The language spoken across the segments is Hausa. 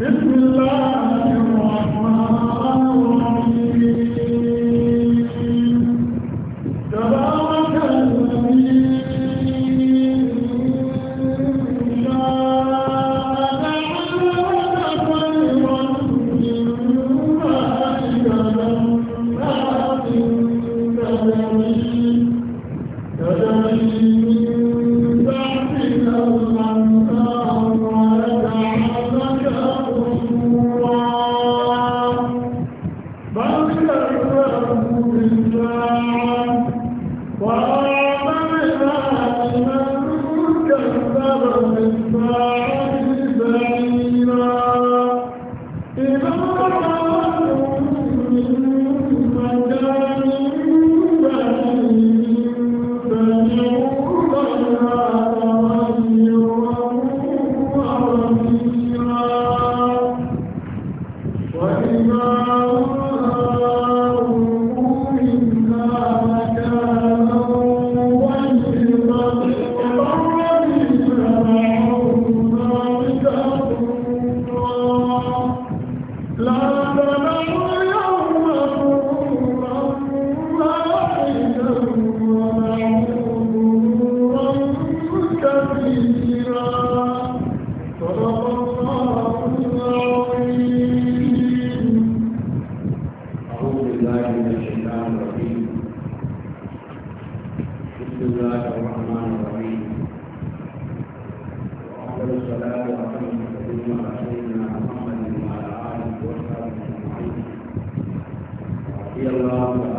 Bismillahirrahmanirrahim. Sabah.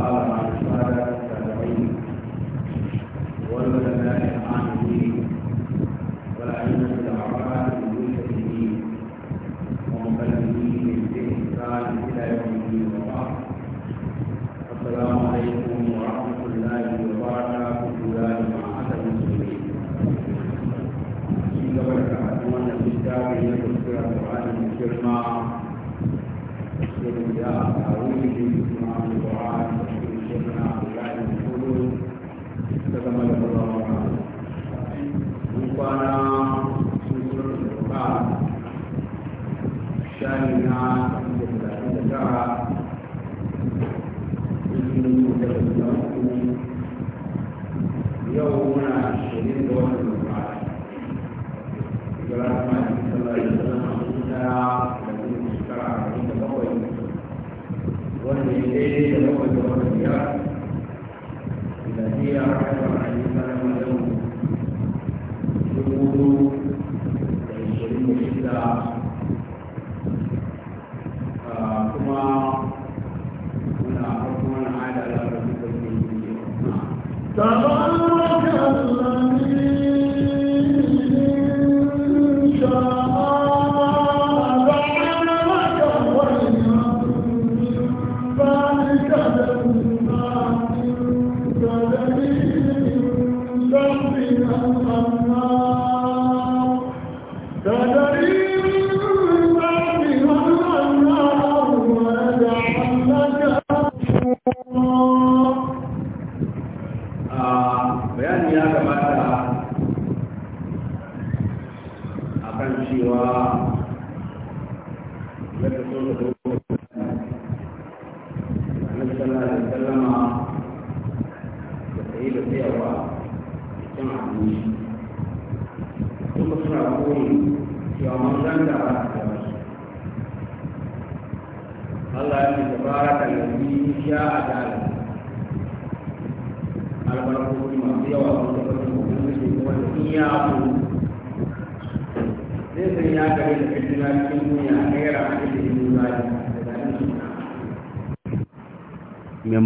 ta'ala kamata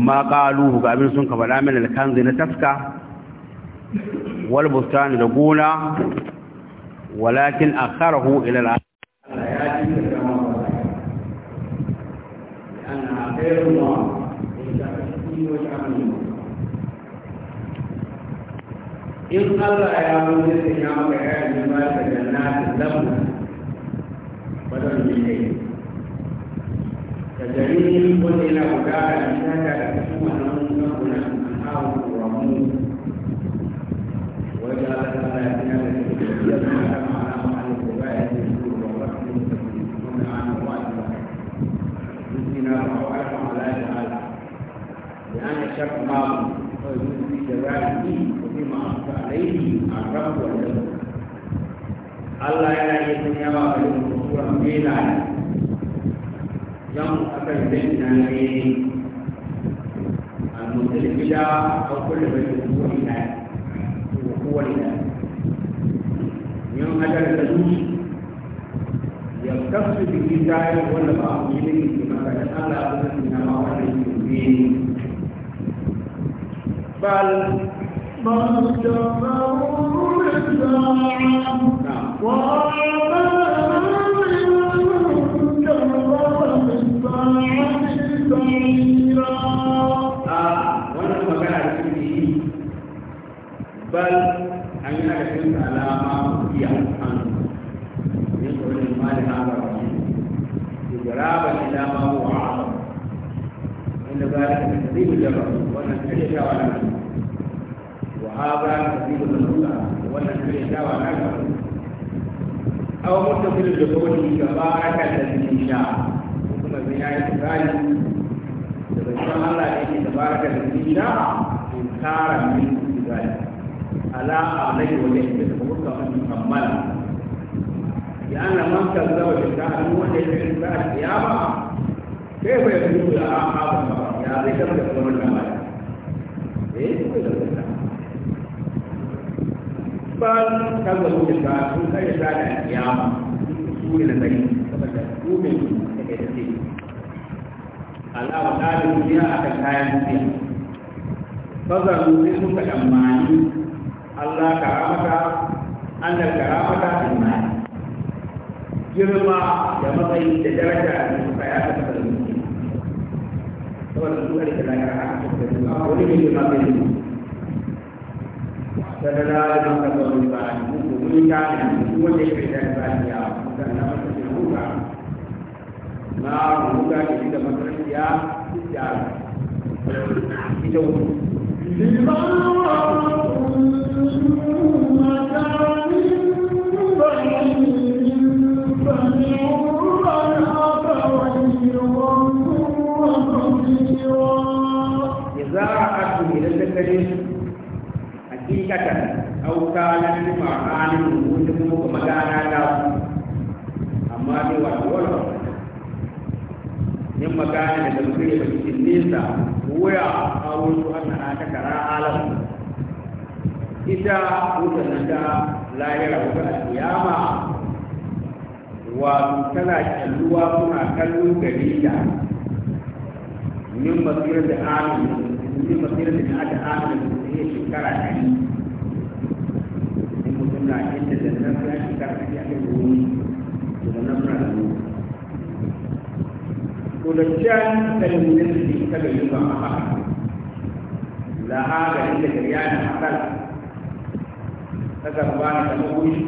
ma qaluhu ga abin sun ka faɗa min alkanzi na taska wal bustan da gona walakin akharahu ila al in Allah ya wuce da ya maka ya yi ba da jannatin lamu wadanda ne da jaririn wanda yana gudana da shaka da cikin wannan kamfanin al'awar ramu wajen ala ta ala ya da cikin da ya ma'ana ma'ana ko ba ya ce su da wasu wanda an wa'ala na ma'awar ma'ala da ala da an shakka ma'amu kawai zuci da zarafi da zai ma'amta alaihi a rabuwar da Allah yana yi sun yawa a yin kusuran bela ne zan akan bin nan a mutum gida a kullum da kowane ko kowane na yin hadar da zuci ya kasu da gida ya wanda ba a yi ne ke maka da ala abin na ma wani ne bal ما استمروا الساعة وما قدرت على ما أوتي عنه يدعو للمال هذا الرجل إجرابا إلى ما هو أعظم إن ذلك تكذيب للرسول وأن تجد على وهذا تكذيب للرسول وأن تجد على أو متصل بقوله تبارك الذي شاء ثم بناية ذلك فإن الله يجي تبارك الذي شاء إنكارا منه ala alai wa yake da kuma kan kammala ya ana man kan zaba da an wanda yake da ta kiyama kai bai mutu ya a ba, ya zai kan da kuma nan ba eh ko da ta ba kan da ta sun kai da ta kiyama su ne da kai saboda su ne da kai da ke alama ta duniya akan kayan duniya fazaru sai suka tsammani Allah karamata annal karamata imani girma da matsayi da daraja da suka ya ta da mutum saboda su da lafiya ya cikin da su wani ne da mafi ne da da da da maka ba a ko mun ta ne su wanda ya kai da ba a ya da na masa da ruka na ruka ke da makarciya da ita wani. Liman haqiqatan aw kana bi ma'alim wanda kuma ko magana da amma dai wa dole yin magana da zuri da cikin nesa wuya a an annana ta kara alam ita wuta wutan da lahira wuta alkiyama wa tana kalluwa kuma kallon gari da min masirar da amin min masirar da aka amin da ya shekara ɗari suna inda da nan ya shiga a cikin ruwan da nan na ruwan kulancan kalmin da ke kada yi ba a haka la haka inda da ya na akal ta karba na kama kushi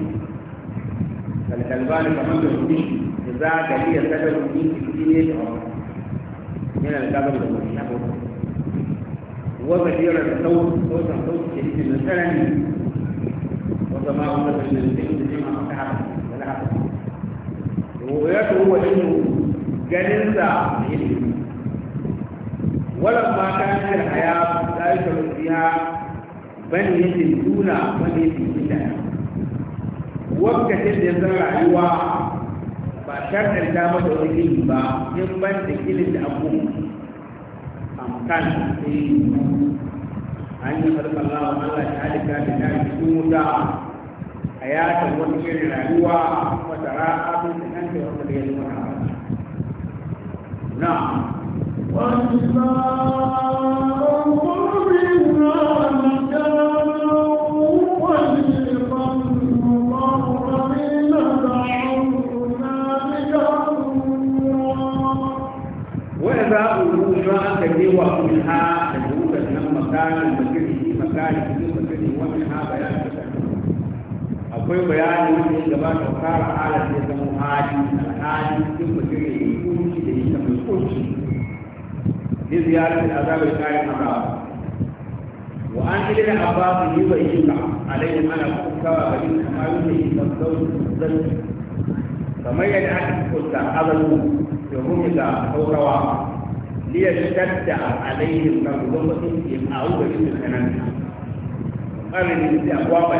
kalkalba na kama da kushi da za ka iya kada kushi ne da wani yana da kabar da kushi na kushi وبشير الصوت صوت صوت شديد من السلام كما أمرت من الدين بما مكعب ولعب رؤيته هو إنه جننسى ولما كانت الحياة لا يشعر فيها بل يجد دون بل يجد إلا وقت يزرع الرعيوة ba shakar ta mata wani gini ba in ban da ginin da abu amkan sai an yi harkar lawa Allah ta halika da ta cikin wuta hayatan wani irin rayuwa wata ra'a sun kanta wata da yanzu na wannan ومنها تجوز أن مكان المكان في مكان في مكان ومنها بيان akwai bayanin da ya gabata fara halar da ya zama hali alhali duk mutum ya yi kunci da ita mai kunci ne ziyarar da azabar kayan haram wa an ji da ababu yi wa yi ka alayhi ana kuskawa ga yin kamar da yi kan zaunin kamar yadda aka kusa azalu domin ga saurawa ليشتد عليهم كربهم أو بشد كنانها قال لي أبوابا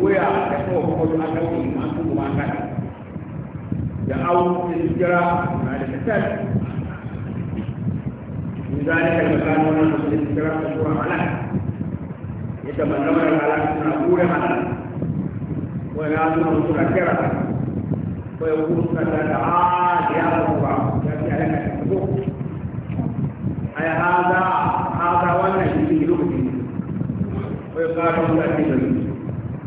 wuya ta kawo kuma su aka wuce ma su kuma aka da au da jira na da kasar in za ne kalma kano na su da jira ta kura halal yadda mazamar halal suna kura halal wani azuma suna kira ويقول مثلا تعال يا رب يأتي عليك الحقوق أي هذا هذا ولا يجيب لغتي ويقال له أجل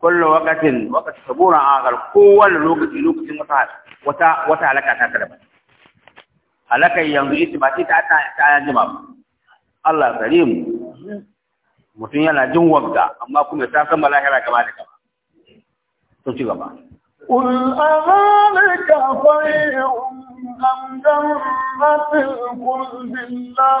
kullu waqtin waqt sabura saburan agar kowane lokaci lokacin wata wata alaka ta karba alaka yanzu ita ba ce ta ta jima ba Allah karim mutum yana jin wagga amma kuma ta san malahira gaba da gaba to ci gaba قل أذلك خير أم جنة الخلد الله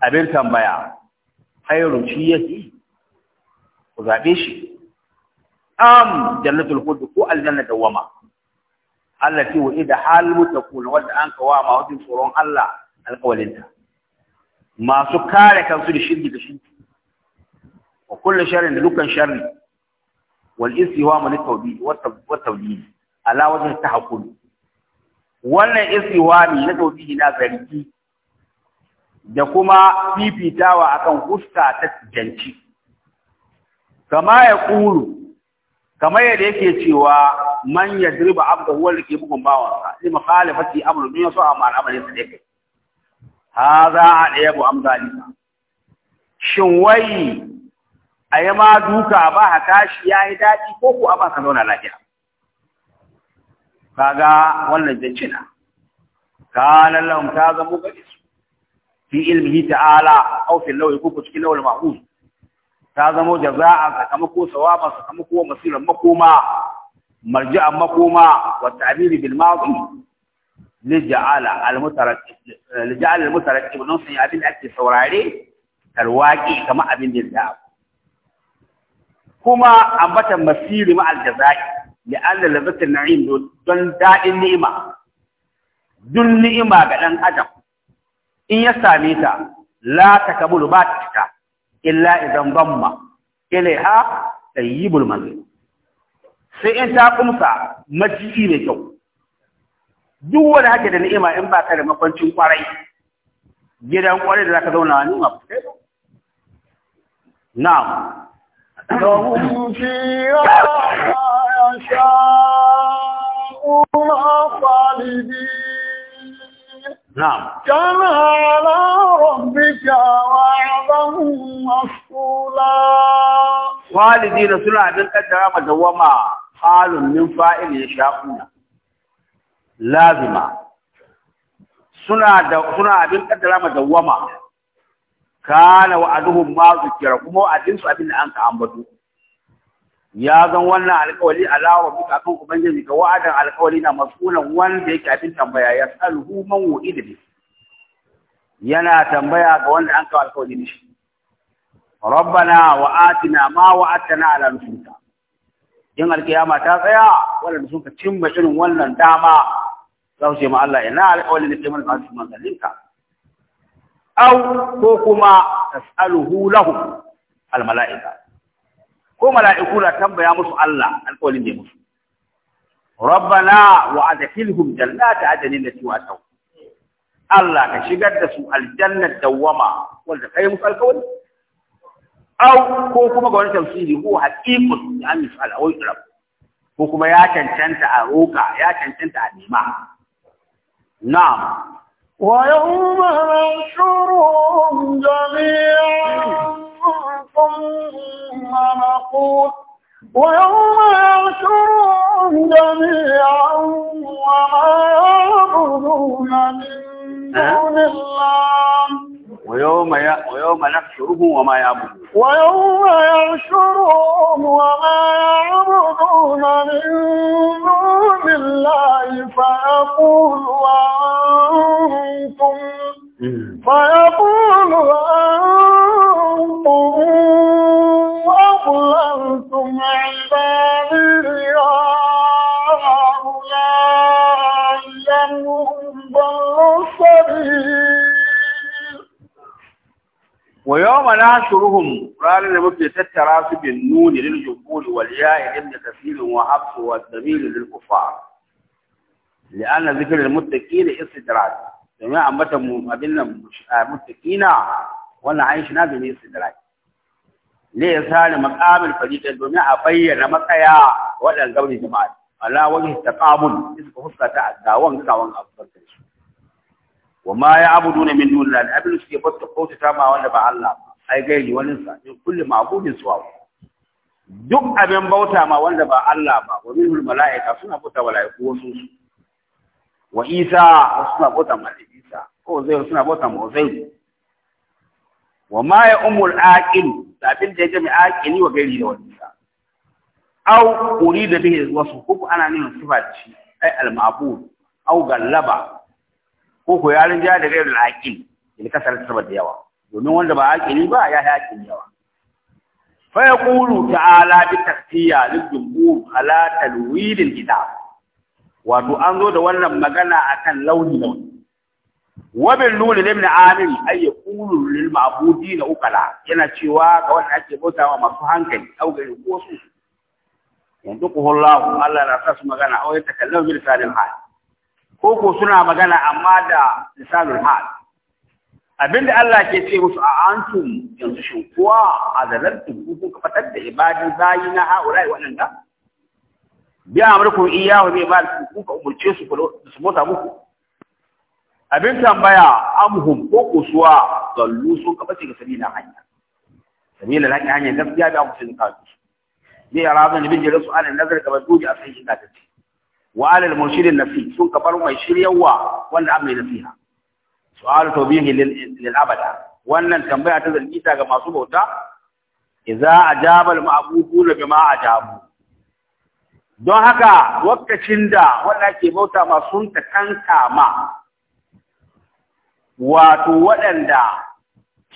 abin tambaya khairu shi yake ku zabe shi am jannatul khuld ko aljanna dawama allati wa idha hal muttaqun wanda an kawa ma wajen tsoron Allah alƙawalinta masu kare kansu da shirki da shirki wa kullu sharrin da dukkan sharri wal istiwamu lit tawbi wa tawbi ala wajhi tahakkul wannan istiwami na tawbi na zargi da kuma fifitawa akan huska ta janci kama ya ƙuru kamar yadda yake cewa man yadriba abdahu da ke bugun bawansa li mukhalafati amru min yasu amma al'amarin sa a ɗaya bu amzali ba. shin wai a yi ma duka ba tashi ya yi daɗi ko ku ba ka zauna lafiya ga wannan jancina Ka lahum ta zama gadi fi ilmihi ta'ala aw fi lawi ko ku cikin lawal mahfuz ta zamo jaza'a sakamako sawaba sakamako masiran makoma marji'an makoma wa ta'biri bil ma'qi lija'ala al mutarattab lija'ala al mutarattab non sai abin da ake saurare tarwaqi kamar abin da ya kuma ambatan masiri ma al jazai li'anna ladatul na'im don da'in ni'ima dun ni'ima ga dan adam in ya same ta la takabulu ba ta cika illa idan damma ilaiha tayyibul manzil sai in ta kumsa majiji ne kyau duk wanda hake da ni'ima in ba ka da makwancin kwarai gidan kwarai da zaka zauna ni ma kai na'am lahum fiha yasha'una khalidin نعم كان على ربك وعظا مسؤولا والدين سنة من قدر مدوما حال من فائل يشاءون لازمة suna da suna abin kaddara madawwama kana wa aduhum ma zikira kuma adin su abin da an ka ya zan wannan alkawali alawar rabbika kan ubangiji ga wa'adan alkawali na masulan wanda yake abin tambaya ya salhu man wu'ida yana tambaya ga wanda an kawo alkawali ne rabbana wa atina ma atana ala rusulka in alkiyama ta tsaya wanda suka cin cimma irin wannan dama za su ma Allah ina alkawali ne kai mana kawo au ko kuma tas'aluhu lahum al mala'ika ko mala'iku na tambaya musu Allah alƙawarin da musu rabbana wa adkhilhum jannata adnin lati wa'ata Allah ka shigar da su aljannar dawama wanda kai musu alƙawari au ko kuma ga wani tafsiri ko haqiqun an misal awai ko kuma ya cancanta a roka ya cancanta a nema na'am ويوم نحشرهم جميعا ثم نقول ويوم يحشرهم جميعا وما يعبدون من دون الله ويوم ي... ويوم نحشرهم وما يعبدون ويوم يحشرهم وما يعبدون من دون الله فيقول وأنتم فيقول وأنتم وناشرهم رانا نمكي تتراس بالنون للجمهور والياء لابن كثير وحفص والدليل للكفار لأن ذكر المتقين استدراج جميعا متى مقابلنا المتقين وانا عايشنا به استدراج ليس مقابل فريق الجميع بين مقيا ولا قبل جماعه على وجه التقابل اسك فسكه الداوان كاوان افضل wa ma ya abuduna min dunillah abin suke bauta ta ma wanda ba Allah ba ai gairi wani sa in kulli ma'budin suwa duk abin bauta ma wanda ba Allah ba wa minhul mala'ika suna bauta mala'iku wasu su wa Isa suna bauta ma Isa ko zai suna bauta ma zai wa ma ya umul aqil abin da ya jami aqili wa gairi da wani sa au da bihi wasu ko ana nuna sifati ai al-ma'bud au gallaba ko ko yarin ja da gairi al-aqil ilka sarar da yawa domin wanda ba akili ba ya yi yawa fa yaqulu ta'ala bi taqtiya lil jumhur ala talwil al kitab wato an zo da wannan magana akan launi launi wa bil na ibn amir ay yaqulu lil ma'budin ukala yana cewa ga wanda ake bautawa masu hankali au ga ko su yanzu ku Allah Allah na sa su magana au ya takallamu bil hal ko ko suna magana amma da lisanul hal abinda Allah ke ce musu a antum yanzu shin kuwa a zalartum ku kuka fatar da ibadi bayi na haurai waɗanda bi amurkum iyahu zai ibadi ku kuka umarce su su mota muku abin tambaya amhum ko kusuwa zallu sun kafa ce ga sabila hanya sabila laki hanyar gaskiya da ku sun kawo bi arabun bin jira su alal nazar ka badu a sai shi ta tace wa alal murshidin nafsi sun kafar mai shiryawa wanda amma nasiha su'alu tawbihi lil abada wannan tambaya ta zargita ga masu bauta idza ajaba al bima don haka lokacin da wanda ke bauta ma sun ta kankama wato waɗanda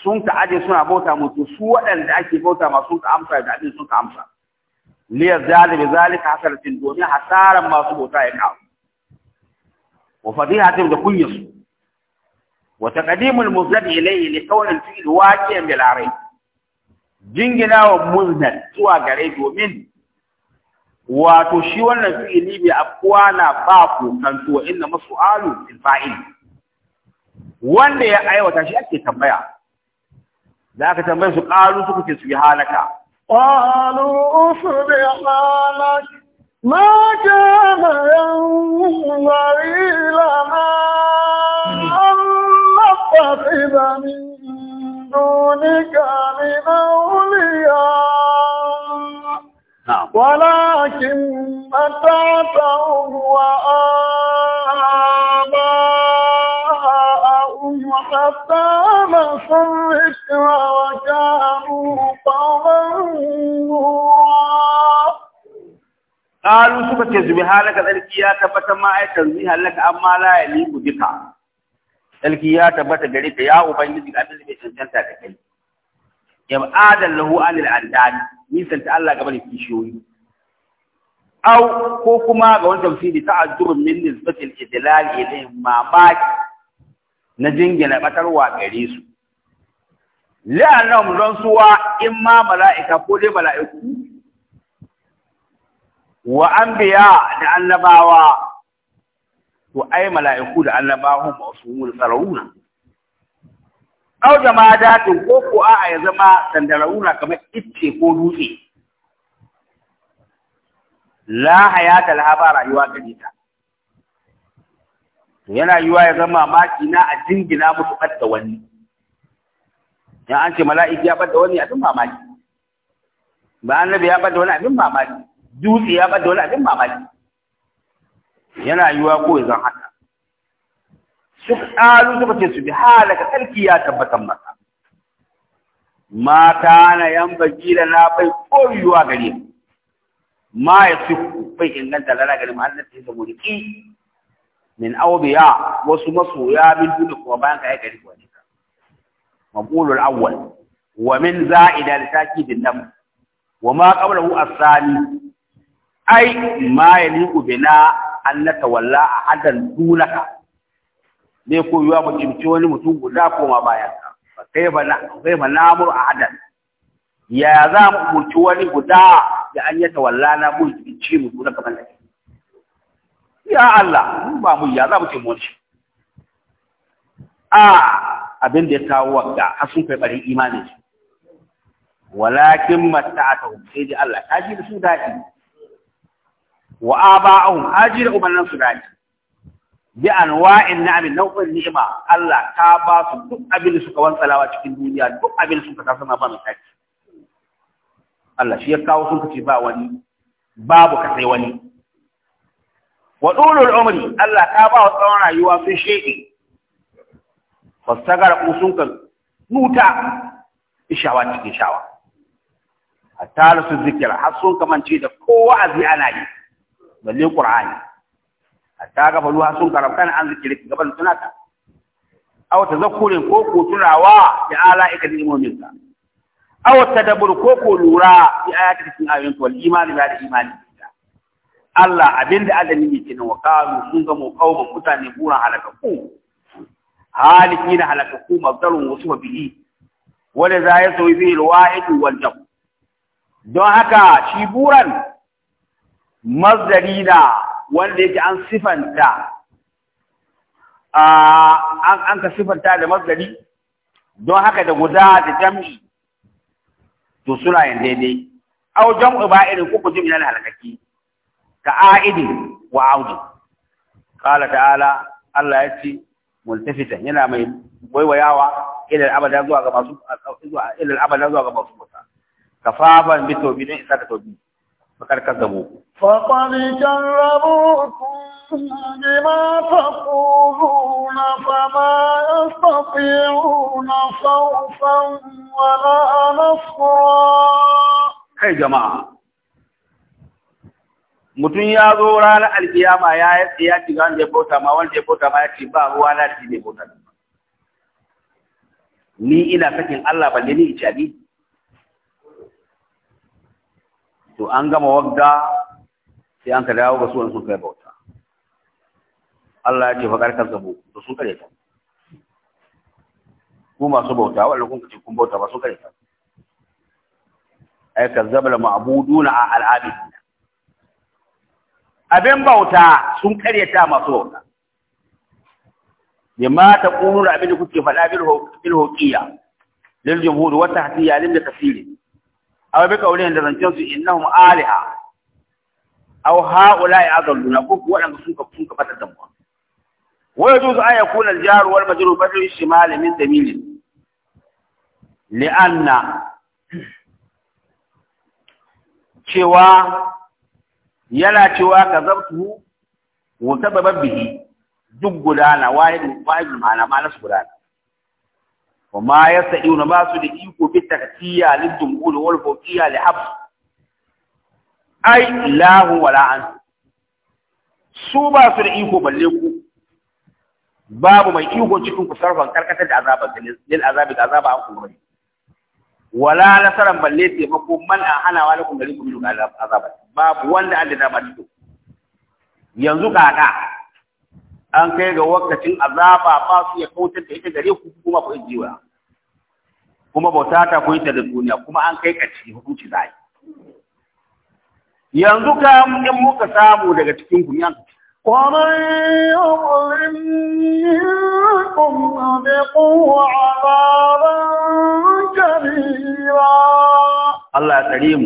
sun ta aje suna bauta mutu su waɗanda ake bauta ma sun ka amsa da abin sun ka amsa liyar zalibi zalika hasaratin domin hasaran masu bauta ya kawo wa fadihatin da kunyarsu وتقديم المزد إليه لكون الفعل واقعا بلا ريب جنجنا ومزد سوى غريب ومن وتشيون الفعل بأقوانا باب كان سوى إنما السؤال الفاعل وان يا أيوة تشيء أكي تنبيع ذاك تنبيع سؤال سكت سبحانك قالوا سبحانك ما كان ينظر إلى ما اتخذ من دونك من أولياء نعم. ولكن متعتهم وآباءهم حتى نصوا الذكر وكانوا قوما قالوا سبك يزبها لك ذلك يا تبت ما أي لك أما لا يليق بك sarki ya tabbata gare ta ya ubangiji ga abin da bai cancanta da kai ya lahu anil andani nisan ta Allah gaba da kishiyoyi au ko kuma ga wani tafsiri ta'azzurun min nisbatil idlal ilayhim mamaki na jingina batarwa gare su la'annahum don suwa in ma mala'ika ko dai mala'iku wa anbiya da annabawa to ai mala'iku da annabahu au jama'a da to ko ko a ya zama sandarauna kamar itce ko dutse la hayata la ba rayuwa gani ta to yana yuwa ya zama maki na a jingina musu adda wani dan an ce mala'iki ya bada wani abin mamaki ba annabi ya bada wani abin mamaki dutse ya bada wani abin mamaki yana wa ko zan haka su ƙalu suka ce su bi halaka tsarki ya tabbatar masa. mata na yan da na bai koyuwa gare mu ma ya fi bai inganta lana gari mu an nafi da mulki min awbiya wasu masoya min dole kuma bayan ka gari kuwa ne maƙulul awwal wa min za'ida li takidin nan wa ma qablahu a sani ay ma yaliqu bina annaka walla a ahadan dunaka ne ko yiwa mu wani mutum guda koma bayan ka kai ba na a ba namur ya za mu mutu wani guda Ya an yata walla na mu kimci mu dunaka ban ya Allah mun ba mu ya za mu ce mu a abin da ya kawo wagga har sun kai barin imanin su walakin mata'atuhum sai da Allah ta ji da su daɗi wa aba'ahum haji da umarnin su dani bi anwa'in na'am nau'in ni'ima Allah ta ba su duk abin suka wantsalawa cikin duniya duk abin suka ta sama ba kai Allah shi ya kawo sun kace ba wani babu ka sai wani wa dulul umri Allah ta ba wa tsawon rayuwa sun shege fastagar ku sun kan nuta ishawa cikin shawa hatta su zikira har sun kamance da kowa azi ana yi balle qur'ani hatta ga faluha sun karabkan an zikiri gaban sunata? aw tazakkurin ko ko turawa ya ala ikal imaminka aw tadabbur ko ko lura bi ayati cikin ayoyin wal imani ba da imani Allah abinda adami ne nan wa qalu sun ga mu qauman mutane buran halakaku halikin halakaku mabdarun wasu bihi wala za ya sauyi bil wa'id wal jab don haka shi buran mazdari na wanda yake an sifanta an ka sifanta da mazdari don haka da guda da jam'i to suna yin daidai au jam'u ba irin kuku jimi na halakaki ka a'idi wa audi qala ta'ala Allah ya ce multifita yana mai waiwayawa ilal abada zuwa ga masu zuwa ilal abada zuwa ga masu mutunta kafafan bitobi don isa ka tobi فقد كذبوكم فقد kai jama'a mutum ya zo ranar alkiyama ya yi tsiya ci wanda ya bauta ma wanda ya bauta ma ya ce ba ruwa na ci ne bauta ni ina sakin Allah balle ni icabi to an gama wagga sai an ka dawo ga wani sun kai bauta Allah ya ce faƙar kan zabo to sun kare ta ku masu bauta wanda kun kace kun bauta ba sun kare ta ai kazzaba la ma'buduna a al'abid abin bauta sun kare ta masu bauta bima taquluna abin da kuke faɗa bil hoqiyya lil jumhur wa tahtiya lil kafiri aw bi kaulin da zancen su innahum aliha aw haula'i adalluna ko ku wadanda sun ka sun ka fatar da mu wa yajuzu an yakuna al-jar wal majrur badal shimal min damil li'anna cewa yana cewa kazabtu wa sababbihi duk gudana wahidin fa'il ma'ana ma'ana su gudana wa ma wani ba su da iko bi taktiya lil jumhur wal fawqiya li habs ai lahu wala an su ba su da iko balle ku babu mai iko cikin ku sarfan karkatar da azabar lil azabi da azaba an kuma wala nasaran balle taimako man an hana wa lakum gari da azaba babu wanda Allah da ba cikin yanzu kaka an kai ga wakacin azaba ba su ya kautar da ita gare ku kuma ku jiwa kuma bauta ta koyi ta da duniya kuma an kai ciki hukunci za yi. yanzu ka in muka samu daga cikin ku yanzu ya يظلم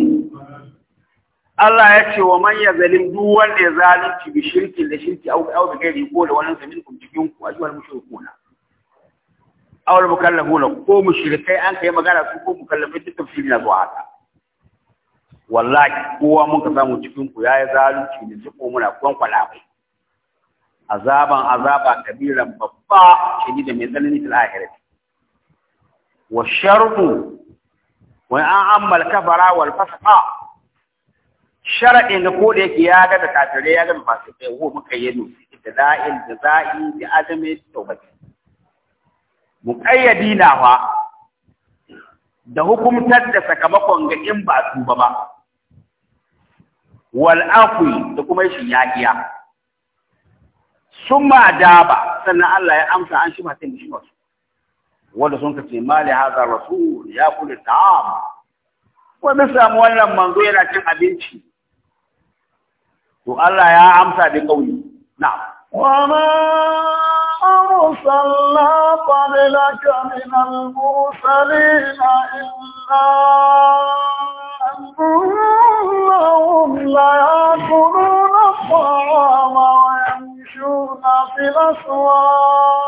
Allah ya ce wa manya zalim duk wanda ya zalunci bi shirki da shirki au au da gari ko da wani zamin kun cikin ku ajwal mushrikuna awal mukallafuna ko mushrikai an kai magana su ko mukallafai duk tafsiri na zuwa haka wallahi kowa mun ka samu cikin ku yayi zalunci ne duk muna kwankwala bai azaban azaba kabiran babba shi da mai tsanani fil akhirah wa sharru wa an amal kafara wal fasqa shar'in ko da yake ya ga da kafirai ya ga su kai ko muka yi da da'il da za'i da adami tawbati muƙayyadi na fa da hukumtar da sakamakon ga in ba su ba wal afwi da kuma shi iya. sun ma daba sannan Allah ya amsa an shi masu shi masu wanda sun ka ce mali haza rasul ya kula ta'am wanda samu wannan manzo yana cin abinci to Allah ya amsa da kauli na'am wa أرسلنا قبلك من المرسلين إلا أنهم ليأكلون الطعام ويمشون في الأسواق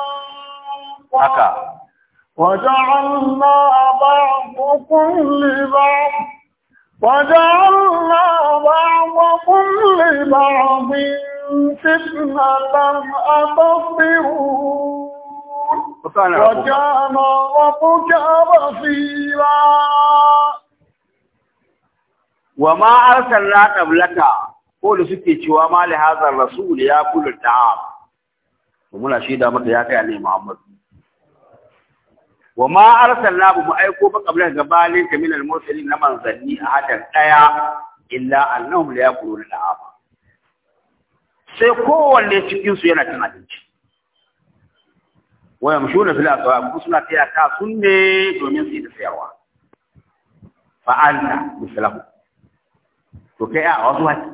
وجعلنا بعضكم لبعض وجعلنا بعضكم لبعض فتنة أتصبرون وكان ربك بصيرا وما أرسلنا قبلك قولوا ستي سكي ما لهذا الرسول يا كل الطعام ومنا شيدا متى يا كاي محمد وما أرسلنا بمعيكو قبل قبالك من المرسلين لمن ظني أحدا أيا إلا أنهم ليأكلون الطعام sai kowanne cikinsu yana cin abinci wa yamshuna fil aswaq mu suna taya ta sunne domin su yi da sayarwa fa anta mislahu to kai a wasu haki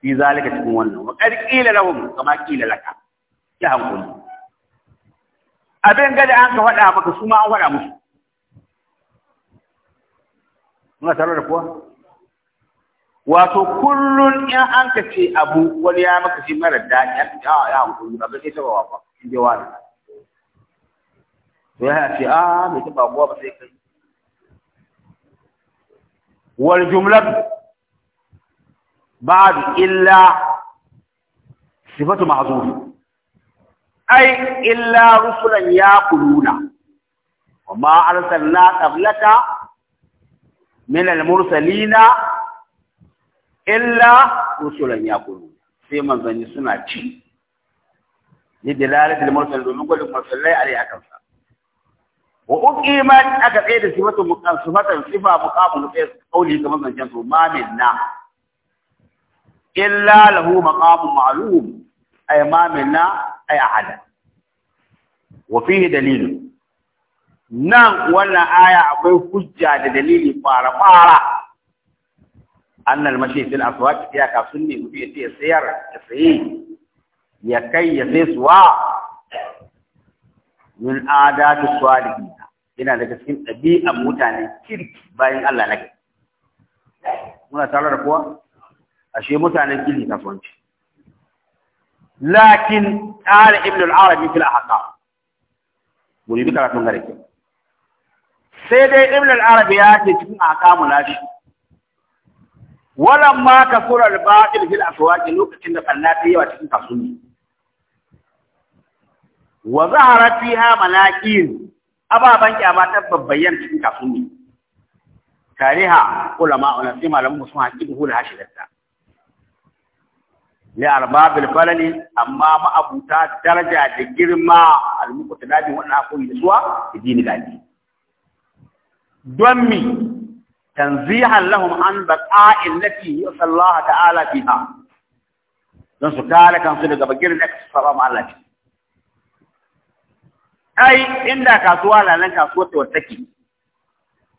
fi zalika cikin wannan wa qad qila lahum kama qila laka ya hankali abin gada an ka faɗa maka su ma an faɗa musu muna tare da kowa wato kullun in an ka ce abu wani ya maka shi mara daɗi ya ya hankali ba zai taɓa wa ba in je wani to ya ce a mai taɓa kowa ba sai kai wal jumlatu ba'du illa sifatu mahzuf ai illa rusulan yaquluna wa ma arsalna qablaka min al-mursalina illa rusulan yaqulu sai manzanni suna ci ni dalalatul mursal domin gwajin mursalai a akan sa wa uqimat aka tsaye da sifatu muqam sifatan sifa muqamul qais qawli ga manzan su ma minna illa lahu maqamun ma'lum ay ma minna ay ahada wa fihi dalil nan wannan aya akwai hujja da dalili fara fara أن المشي في الأسواق فيها كسنة وفي السير الصحيح يكي يسوى من عادات الصالحين هنا لك سكين أبي أموتاني كيرك باين الله لك هنا تعالى ركوة أشياء موتاني كيرك كسوانك لكن قال ابن العربي في الأحقاء مريبك على تنغريك سيدي ابن العربي ياتي تكون أحقام الأشياء wala ma kasurar batil fil aswaqi lokacin da fanna ta yawa cikin kasuwanni wa zahara fiha malaikin ababan kyama ta babbayan cikin kasuwanni kariha ulama ona sai malamu sun haƙi hula hashidatta ne arbabil falali amma ma abuta daraja da girma almuqtadi wannan akwai da suwa dini gadi don mi تنزيها لهم عن بقاء التي يؤسى الله تعالى فيها don su kare kansu daga bagirin da su saba ma Allah ce. Ai, inda kasuwa lalan kasuwa ta wata ke,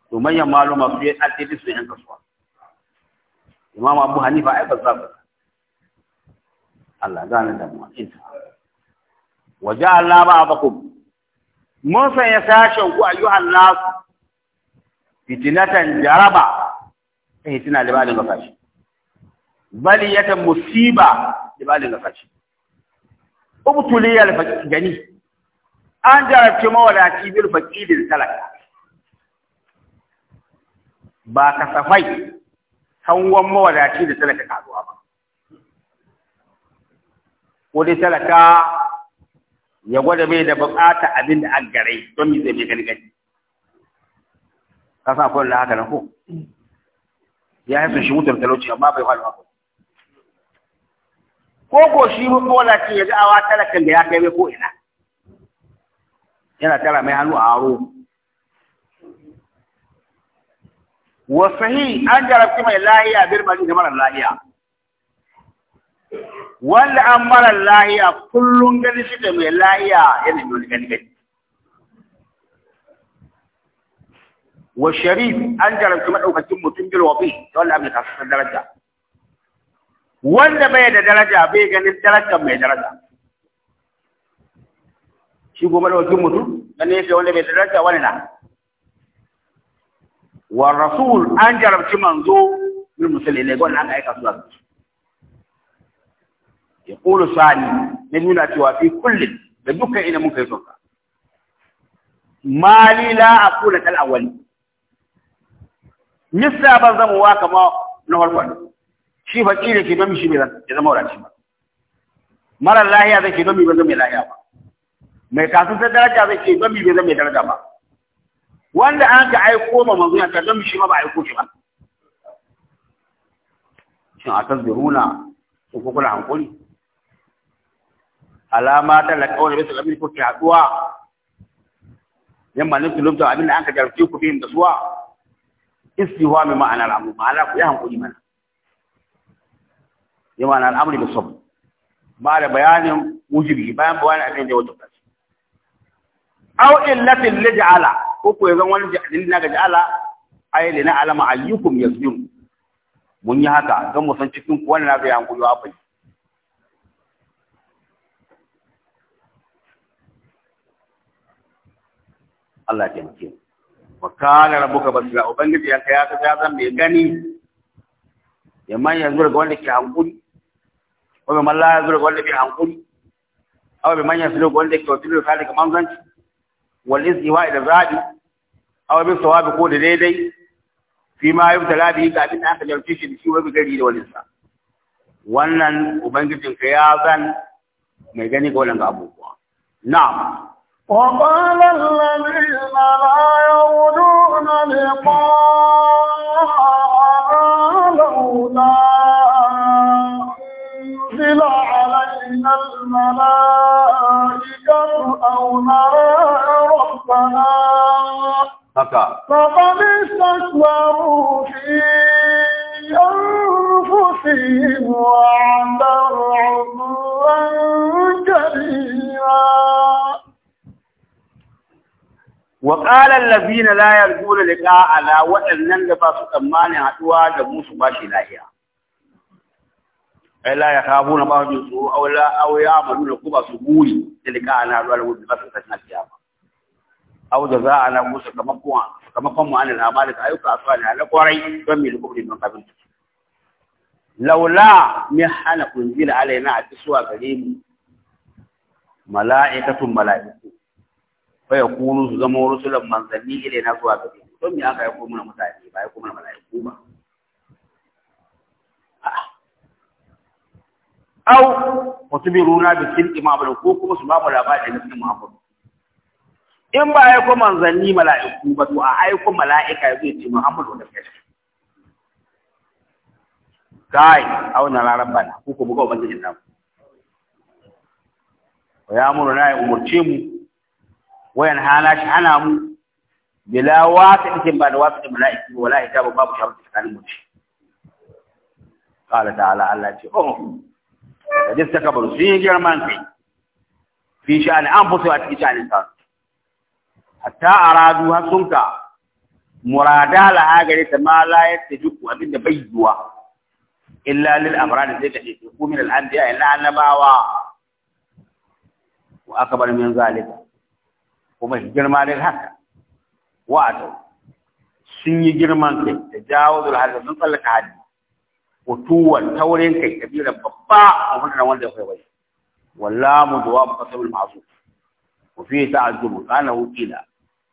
to manyan maluma su yi alɗiɗi su yan kasuwa. Imam Abu Hanifa ai ba za ku. Allah gane da mu inta. Waje Allah ba abakum. Mun sanya sashen ku ayyuhan nasu fitinatan jaraba ta hitina libalin gafashi ta musiba libalin gafashi ubtuliyal gani an jarabce mawadaci bil faqirin talaka ba kasafai mawala mawadaci da talaka karuwa ba ko dai talaka ya gwada bai da bukata abin da aggare don mi zai mai gani ka san akwai haka nan ko ya haifin shi mutar talauci amma bai faɗi ba ko ko shi mun bola ce ya ga awa talakan da ya kai mai ko ina yana tara mai hannu a aro wa sahi an jarabci mai lahiya bir mai da mara lahiya wanda an mara lahiya kullum gani shi da mai lahiya yana yi wani gani gani wa an jarabci madaukakin mutum bil wabi da wanda abin kasar daraja wanda bai da daraja bai ganin darajar mai daraja shi goma mutum ganin yake wanda bai da daraja wani na wa an jarabci manzo bil musulmi ne gwanda aka aika zuwa ya kulu sani na nuna cewa fi da dukkan ina muka yi sauka Malila a aqula kal nissa ban zama wa kama na farko shi da ke don shi bai ya zama wadaci ba mara lahiya zai ke don bai mai lahiya ba mai kasu ta daraja zai ke don bai zama daraja ba wanda an ka aiko ma manzo ya ta domin shi ma ba aiko shi ba shin a tasbiruna ko kuna hankuri alama ta laƙawar bisa lamin kuke haɗuwa yamma nufin lumta abin da an ka jarfi ku fihim da suwa istihwami ma'ana al'amru ma'ana ku ya hankuli mana ya ma'ana al'amri da sabu ba da bayanin wujibi bayan bayanin abin da ya wajabta aw illatin lij'ala ko ko yanzu wani jadin na ga ja'ala ay lina alama ayyukum yasbiru mun yi haka don mu san cikin ku wannan zai hankuli wa bai Allah ya taimake mu wa kana rabbuka basira ubangiji yanka ya ya zan mai gani yamma yanzu ga wanda ke hankuri ko bai malla yanzu ga wanda ke hankuri aw bai manya su ga wanda ke wakilu ka daga manzanci wal istiwa da zabi aw bai sawabi ko da daidai fi ma yubtala bi ga abin da aka jarfi shi shi wani gari da wani sa wannan ubangijinka ya zan mai gani ga wannan abubuwa na'am وقال الذين لا يرجون لقاء لولا أنزل علينا الملائكة أو نرى ربنا فقد استكبروا في أنفسهم وعند العمر wa qala allazina la yarjuna liqa'ana waɗannan da ba su tsammani haɗuwa da mu su bashi lahiya ai la yakhabuna ba su tsoro aw la aw ya'maluna ku ba su buri da liqa'ana wal wudi ba su tsana kiyama aw jaza'ana musu kamakon kamakon mu anil amali ka ayyuka ne ala qarai don mi lukubri don kafin laula min hana kunzila alaina a tsuwa gare mu mala'ikatun mala'iku fa yakunu su zama rusulan manzanni ile na zuwa ga mu don me aka ko mana mutane ba aiko mana malaiku ba aw utbiruna bi sidqi ma bala ko kuma su ba mu labari da cikin muhammadu in ba ya ko manzanni mala'iku ba to a ko mala'ika zai ce muhammadu da kai kai auna na bana ko ko buga ubangiji namu ya murna ya umurce mu wayan hana shi hana mu bila wata ikin ba da wata da mala'iki wala ita ba babu sharuɗi tsakanin mu qala ta'ala Allah ce oh da jinta kabar sun yi girman kai fi sha'ani an fusu a cikin sha'anin ta hatta aradu har sun ka murada laha gare ta ma la yattajiku abinda bai yiwa illa lil amrad sai ka ce ku min al anbiya illa annabawa wa akbar min zalika kuma girma da haka wa'adu sun yi girman kai da jawo zuwa hadda sun tsallaka haddi utuwar taurin kai kabilar babba a wannan wanda ya kwaiwai walla mu zuwa ba kasar masu ku fiye ta azubu kana hukila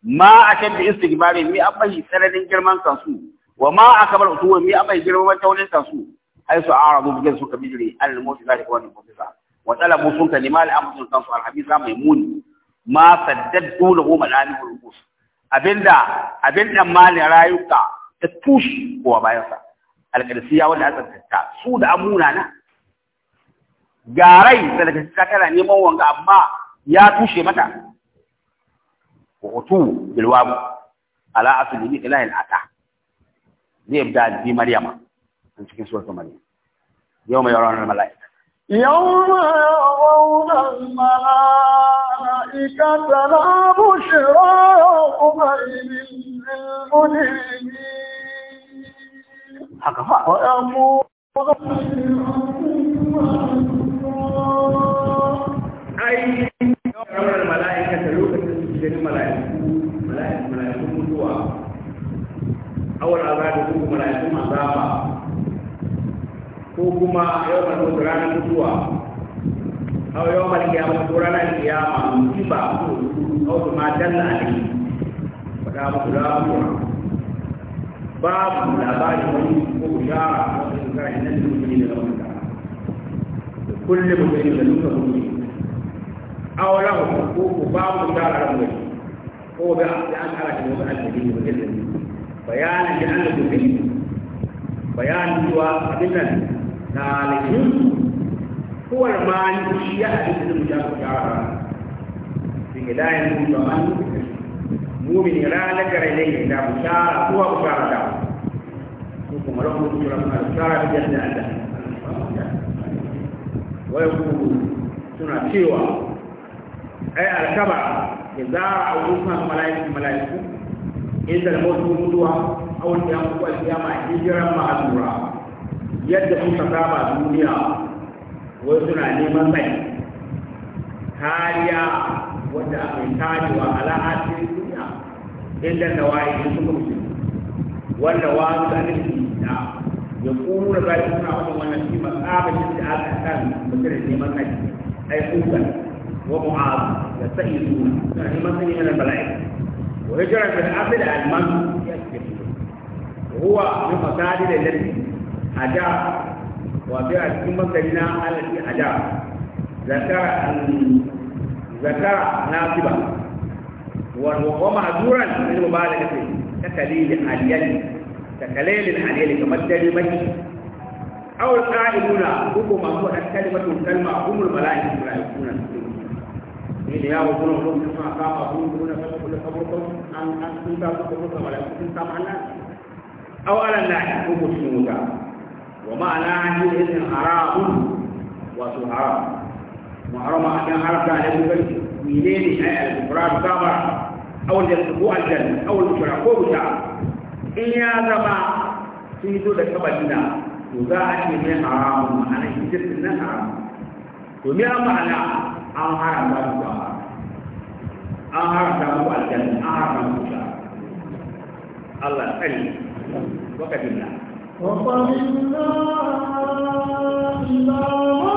ma a kan da istigbari mi a bai sanadin girman kansu wa ma a kamar utuwar mi a bai girman taurin kansu ai su ara zuwa bikin suka bijire alal motsi zai kawai motsi sa wa talabu sun ka nima al'amuran kansu alhabisa mai muni ma dole ko malami qus abinda abin dan mali rayuka ta tushi kowa bayan sa alqadsiya wanda aka tsaka su da amuna na garai da daga tsaka tana neman wanga amma ya tushe mata wutu bilwabu ala asli bi ilahi alata zai ibda bi maryama cikin suratul maryam yawma yarawna al malaika yawma yarawna al malaika أولئك لا بشرى يومئذ ai ramar mala'ika ta ko kuma yawan ranar mutuwa aw yawmal qiyamah ko ranar kiyama musiba ko aw ma dalla alayhi fada muku da abuwa babu labarin wani ko bishara ko zikra inna lillahi wa inna ilaihi raji'un kullu mu'minin da duka mu'min aw lahu ko ko babu bishara ran wani ko ga an ala ki wani alheri ne ga bayanin da an da bayanin cewa abin nan na lakin kowane ma ni shi ya a cikin mutum ya kuka a rana bin mu ba ma ne ya da kuka a kowa kuma ran mutum ya kuka a kuka a rana ya da wai ku suna cewa ai alkaba ya za a rufa malaiku malaiku inda da mutum mutuwa a wani yankuwa ya ma hijiran ma'azura yadda kuka kama duniya wai suna neman mai kariya wanda aka yi tarewa ala'adun duniya inda da waye ne suka mutu wanda wa suka nufi da ya kuru da zai suna wani wannan shi makabashin da aka kan mutum neman mai ai kukan wa mu'az da sa'i suna suna neman sani yana bala'i wa hijira da asali alman ya suke fito huwa min masali da lalli a da wato a cikin masari na alaƙi a da zakara na siba wato ko ma'azuran min mubalaka ce ta kalilin aliyali ta kalilin aliyali kamar dare maki awul qa'iluna ko masu an kalimatu kalma umul malaikatu la yakuna ne da yawo kuma kuma kuma kama kuma kuma kuma kuma kuma kuma an an sun ta kuma kuma malaikatu sun ta ma'ana aw ala na'i ko kuma sun wuta ومعنى عنه إذن حرام وسو حرام محرم أكان حرم كان لازم بل ميلين الكفران كامر أو اللي الجنة أو المشركوا بشعر إن يا زما سيدو لك بدنا وذاك من حرام أنا يجب أن حرام وما معنى أن حرم كان حرام أن حرم كان الجنة أن حرم كان الله سليم وكفي الله وصلنا إلى ما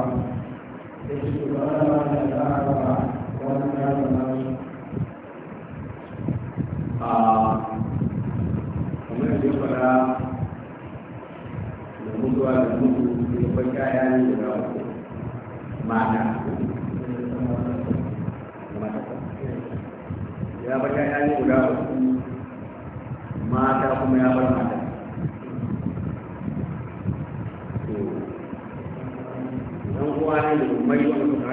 mata ya bar ya yi guda uku mata kuma ya bar mata dan uwa ne da mai wani suka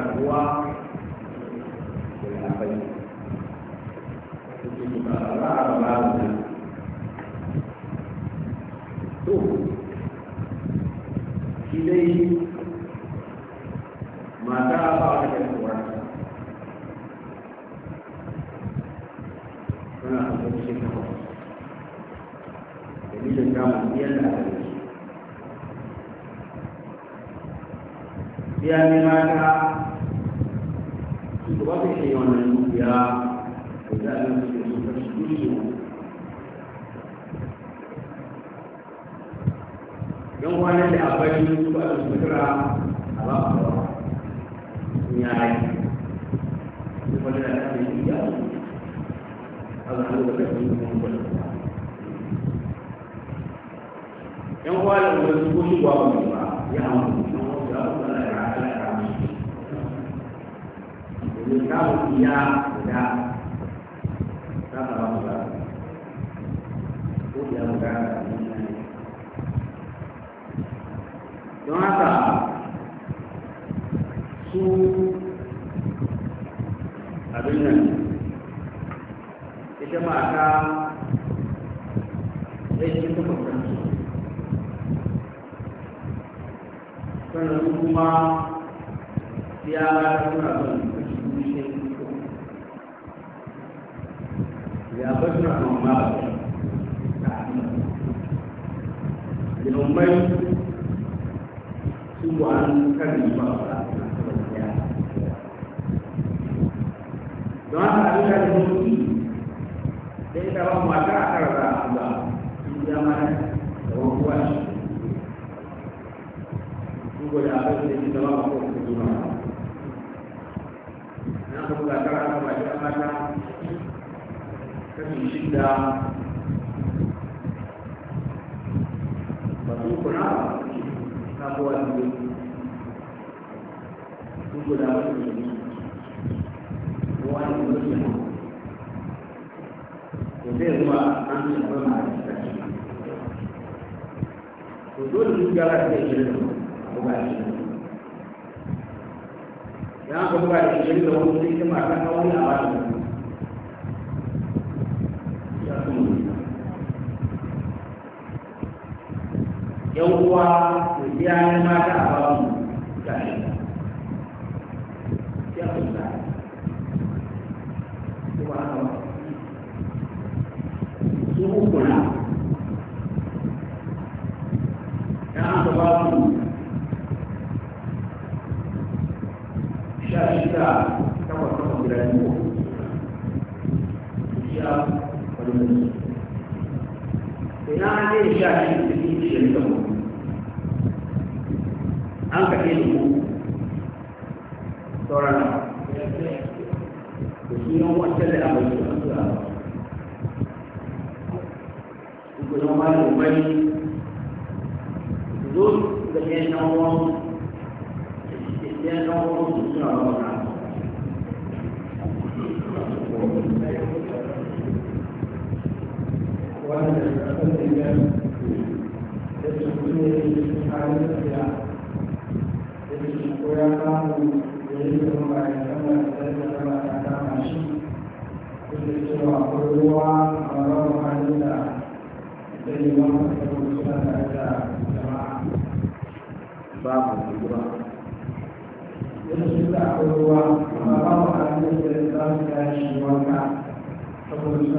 gani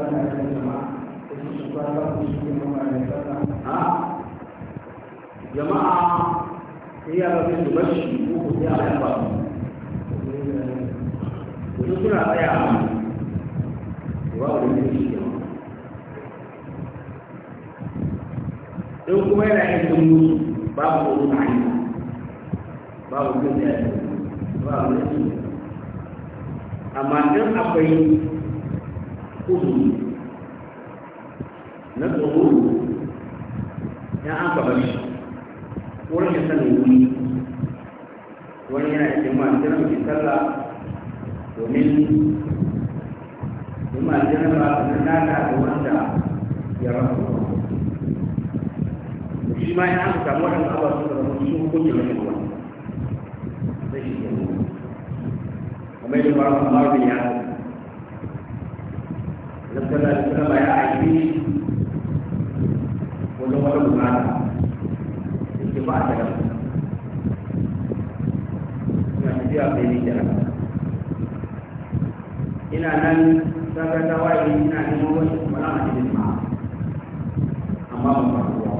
mutanen jama'a da sai ya su bashi ko ku su su suna tsaya a ba ku shi jama'a kuma yana yin sun musu babu babu ne amma akwai kudu na tsoro ya an ka bari wurin ya sanin wuri wani yana cikin masu sallah domin domin masu ba da wanda ya rasu shi ma ya an samu waɗanda abuwa suka zama su hukunci da kuma zai shi da sallallahu alaihi wasallam ya aiki wajen wata ba a ta gaba ina tafiya sai ni kira ina nan saka ta waye ina neman wani wani a cikin ma amma ban ba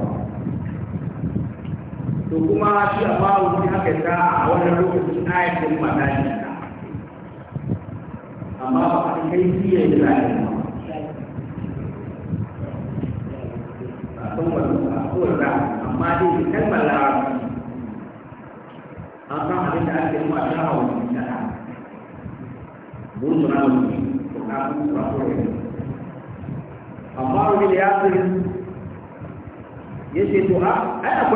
to kuma shi a bawo ne haka ta a wannan lokacin kuma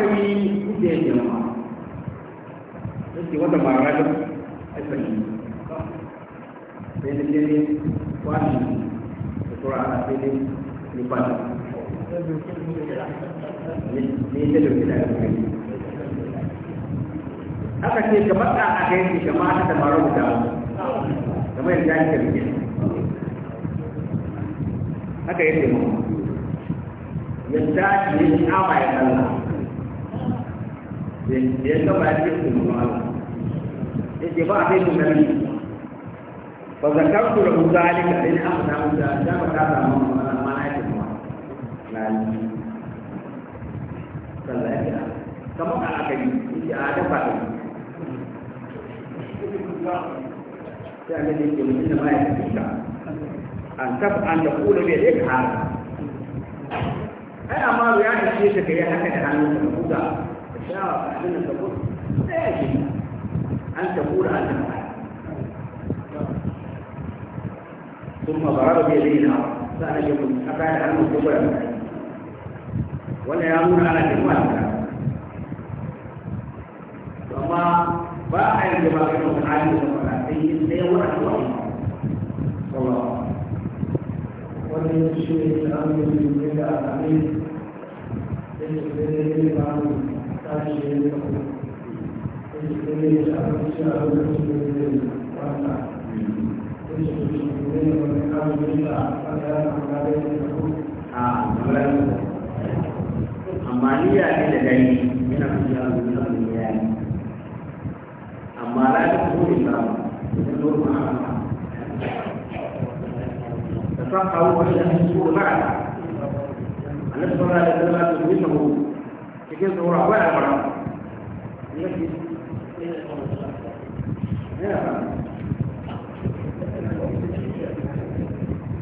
akwai kuje zakartu da musalika in an samu da dama ta samu mana ya kuma na yi sallah ya kira kamar ka aka yi ya dafa da sai an gani ke mutum da ma ya kuka an tafi an da kula bai da ya kara ai amma ya ishe shi ka yi haka da hannun da kuka ka sha wa ka hannun da kuka sai ya shi an tafi da an tafi ثم ضرب بيده الارض فانا يقول فقال عنه كبرا ولا يامر على كلمه وما باع الجماعه العالم والمعافين سيوم الوحي صلى الله عليه ومن الشيء الامر من بدع عليه بالنسبه للامر تاشي يقول بالنسبه للامر شاء الله हमारी आगे लगाई मेरा मिला हमारा तो लोग تفقهوا فإنه يقول معنا النبي صلى الله عليه وسلم يلزمه بجلد رهبان مرة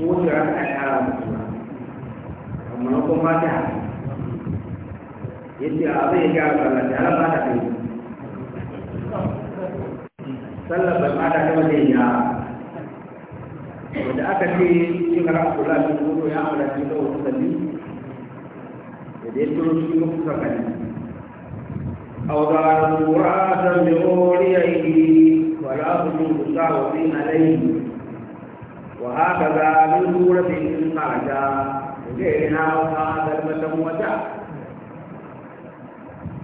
ko da ran a yara mutu amma ta yace a zai ga Allah da Allah ta kai sallar ba ta ta ba dai ya wanda aka ce shi ga Abdullah bin Umar ya amara shi da wasu salli da dai to shi ko kusa kan أو دار مرادا لأوليائه ولا أبدو مساوي عليه وهكذا من سورة خرجا وجئنا وهذا المثل وجاء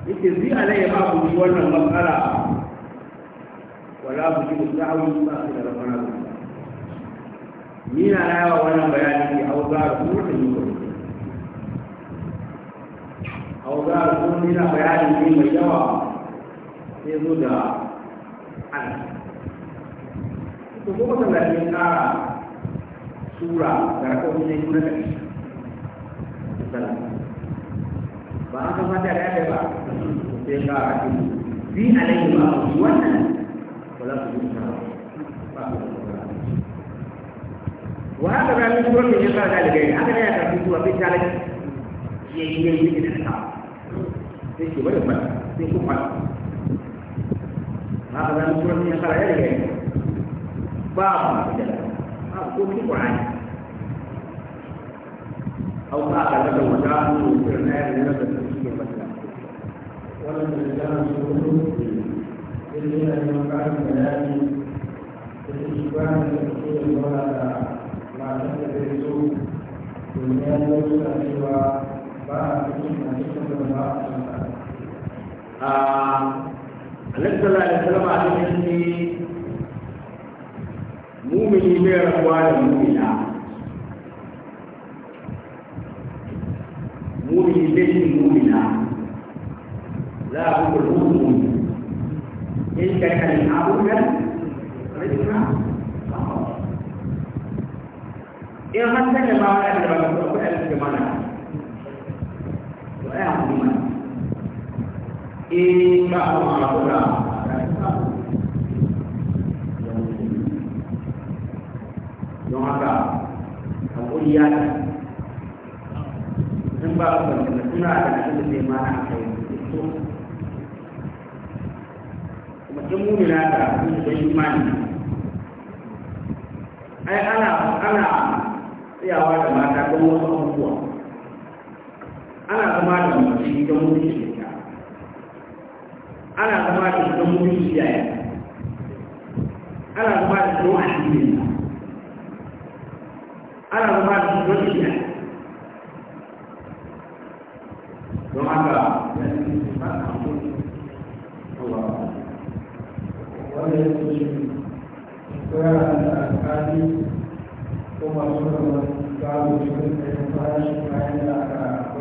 yake zai alai ba ku ji wannan matsala wala ku ji ku sa'awi ba su da rafana ku ni na yawa wannan bayani ke hauza da kuma ta yi kwari hauza da kuma ne mai yawa sai kuma tura da ne kuma da shi sala ba an kuma da da ba sai ka aji bi alayhi ma wannan wala su yi ta ba wa haka da mun gurbe ne ba da lagari haka ne ya ta fi zuwa bi challenge ye ye ye ne da ta sai ki bari ba sai ku fara ba da mun gurbe ne ba da lagari ba ba da ko ni qur'ani aw ka ka da wata mu ya da da shi ke da ya na so ko ne ya ne ka ka bayani da shi ba ne ke zuwa da matan da zai so domin ya zo suna cewa a cikin a cikin da ba a cikin a biyar uwa da mu shiga mutunci ka ana zama da shiga mutunci yaya ana zama da shiga addini ana zama da shiga shiga don haka wanda ya ce shi koyar da alƙali ko masu kamar babu shirin da ya fara shi bayan da aka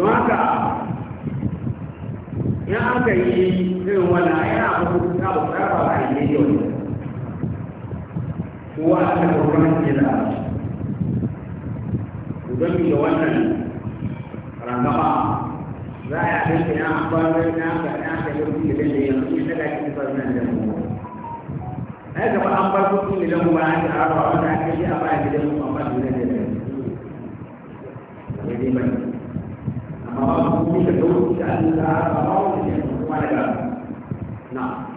don haka ya aka yi irin wannan yana hukunta ba ta ba a yi yau kowa a kan rukunan ke da don da wannan rangama za a yi abin da ya amfani na ga ya ga yau da ya yi na ga cikin farnan da mu ai gaba an bar kuɗi ne don ba a yi a raba wanda aka yi a bayan gidan mu amma da ne da ne في الحدود لأن تعالى الله وعلى نعم.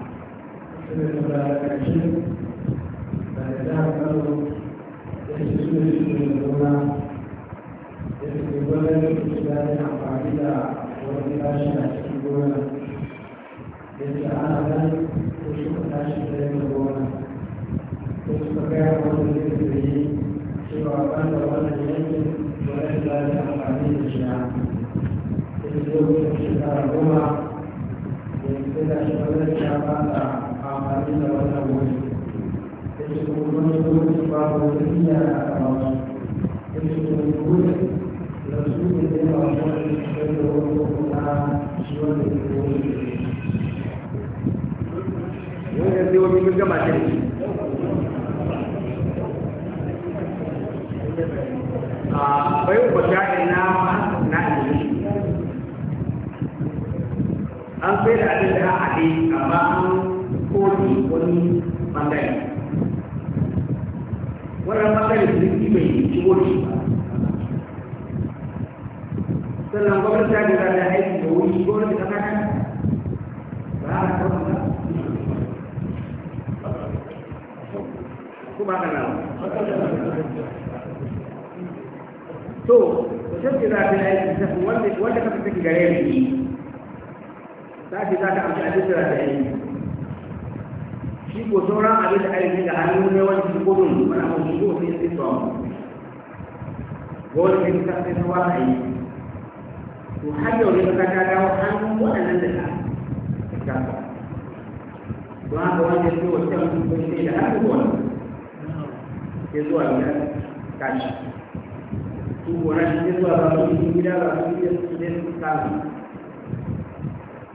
Thank you. goma da ke amfani da wuri da wani wuri ba iya a da shi wuri da su ne da yawa wani wani ke wuri wani Hampir ada dah adik abang poni poni pandai. Orang pandai di sini ini poni. Selang kau kerja di dalam hari itu, ibu ni katakan, berapa orang? Kau makan lah. So, macam kita ada di sini, satu orang, satu orang kita pergi ke tashi za ka amfani da da yi shi ko sauran abin da aiki da hannu ne wani shi gudun mana mun shi gudun sai sai tsawon wani ne ka sai to a yi to har yau ne ka ta dawo hannun waɗannan da ta ta don haka wanda ya ce wa can ko sai da hannu wani ya zuwa gida tashi su gona shi ya zuwa ba su gida ba su gida su ne su samu